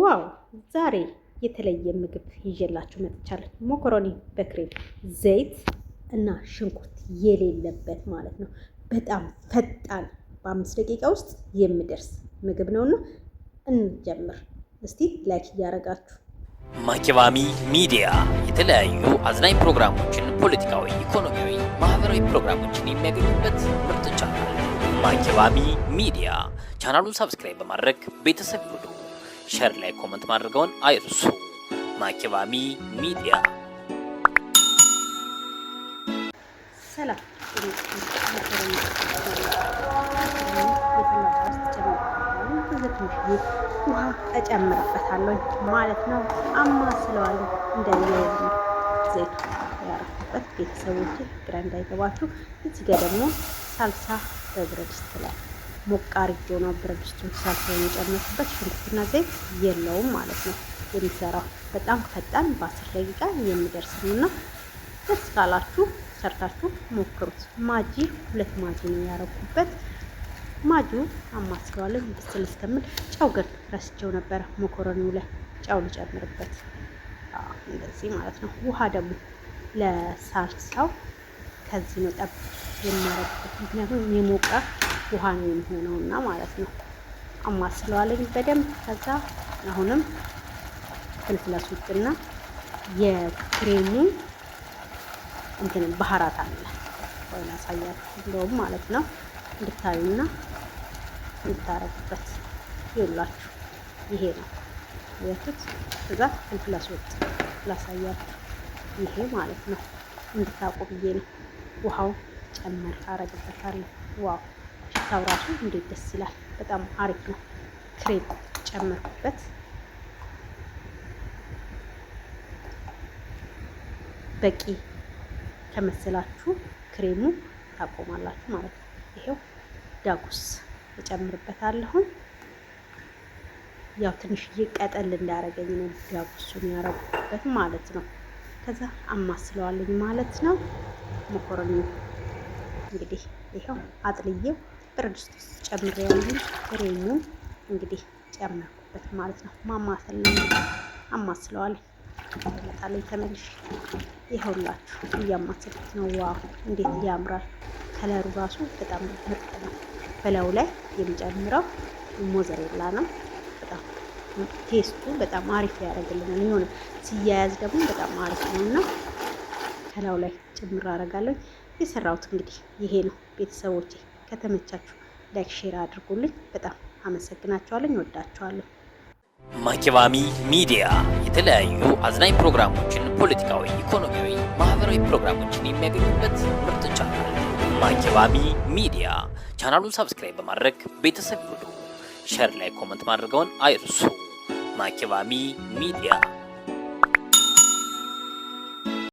ዋው ዛሬ የተለየ ምግብ ይዤላችሁ መጥቻለሁ። ሞኮሮኒ በክሬም ዘይት እና ሽንኩርት የሌለበት ማለት ነው። በጣም ፈጣን በአምስት ደቂቃ ውስጥ የሚደርስ ምግብ ነውና እንጀምር እስቲ። ላይክ እያደረጋችሁ ማኪባሚ ሚዲያ የተለያዩ አዝናኝ ፕሮግራሞችን፣ ፖለቲካዊ፣ ኢኮኖሚያዊ፣ ማህበራዊ ፕሮግራሞችን የሚያገኙበት ምርጥ ቻናል ማኪቫሚ ሚዲያ። ቻናሉን ሰብስክራይብ በማድረግ ቤተሰብ ይሁኑ። ሸር ላይ ኮመንት ማድርገውን አይርሱ። ማኪባሚ ሚዲያ ሰላም ውሃ እጨምርበታለሁ ማለት ነው። አማስለዋለሁ እንደያዝ ዘይቱ ያረኩበት ቤተሰቦች ግራ እንዳይገባችሁ። እዚህ ጋ ደግሞ ሳልሳ በብረት ላይ ሞቅ አድርጌው ነው ብረት ድስቱን ሳልፈውን የጨመርኩበት። ሽንኩርትና ዘይት የለውም ማለት ነው የሚሰራው። በጣም ፈጣን በአስር ደቂቃ የሚደርስ ነው የሚደርስምና ደስ ካላችሁ ሰርታችሁ ሞክሩት። ማጂ ሁለት ማጂ ነው ያረኩበት። ማጂው አማስለዋለሁ ብስል እስከምል። ጨው ግን ረስቸው ነበረ። መኮረኒው ላይ ጨው ልጨምርበት እንደዚህ ማለት ነው። ውሃ ደግሞ ለሳልሳው ከዚህ ነው ጠብ የማረግበት፣ ምክንያቱም የሞቀ ውሃ ነው የሚሆነው እና ማለት ነው። አማስለዋለኝ በደንብ ከዛ አሁንም ፍልፍል አስወጥና የክሬሙ እንትን ባህራት አለ ወይ ላሳያችሁ፣ እንደውም ማለት ነው እንድታዩና እንድታረጉበት ይውላችሁ። ይሄ ነው ያቱት ከዛ ፍልፍል ላሳያችሁ፣ ይሄ ማለት ነው እንድታቆብዬ ብዬ ነው። ውሃው ጨመር አረግበታለሁ። ዋው ሽታው ራሱ እንዴት ደስ ይላል! በጣም አሪፍ ነው። ክሬም ጨመርኩበት። በቂ ከመሰላችሁ ክሬሙ ታቆማላችሁ ማለት ነው። ይሄው ዳጉስ እጨምርበታለሁ። ያው ትንሽዬ ቀጠል እንዳያረገኝ ነው ዳጉሱን ያረጉበት ማለት ነው። ከዛ አማስለዋለኝ ማለት ነው። መኮረኒ እንግዲህ ይኸው አጥልዬው ብረት ድስት ውስጥ ጨምሬያለሁ። ክሬሙን እንግዲህ ጨመርኩበት ማለት ነው። ማማሰል ነው አማስለዋለሁ። እመጣለሁ ተመልሼ። ይኸውላችሁ እያማሰልኩት ነው። ዋው እንዴት ያምራል! ከለሩ ራሱ በጣም ምርጥ ነው። በላዩ ላይ የሚጨምረው ሞዘሬላ ነው። በጣም ቴስቱ በጣም አሪፍ ያደርግልናል። የሆነ ሲያያዝ ደግሞ በጣም አሪፍ ነው እና ከላዩ ላይ ጭምር አደርጋለሁ። የሰራሁት እንግዲህ ይሄ ነው ቤተሰቦቼ ከተመቻችሁ ላይክ፣ ሼር አድርጉልኝ። በጣም አመሰግናችኋለሁ። እወዳችኋለሁ። ማኪባሚ ሚዲያ የተለያዩ አዝናኝ ፕሮግራሞችን፣ ፖለቲካዊ፣ ኢኮኖሚያዊ፣ ማህበራዊ ፕሮግራሞችን የሚያገኙበት ምርጥ ቻናል ማኪባሚ ሚዲያ። ቻናሉን ሰብስክራይብ በማድረግ ቤተሰብ ሁሉ ሸር ላይ ኮመንት ማድረገውን አይርሱ። ማኪባሚ ሚዲያ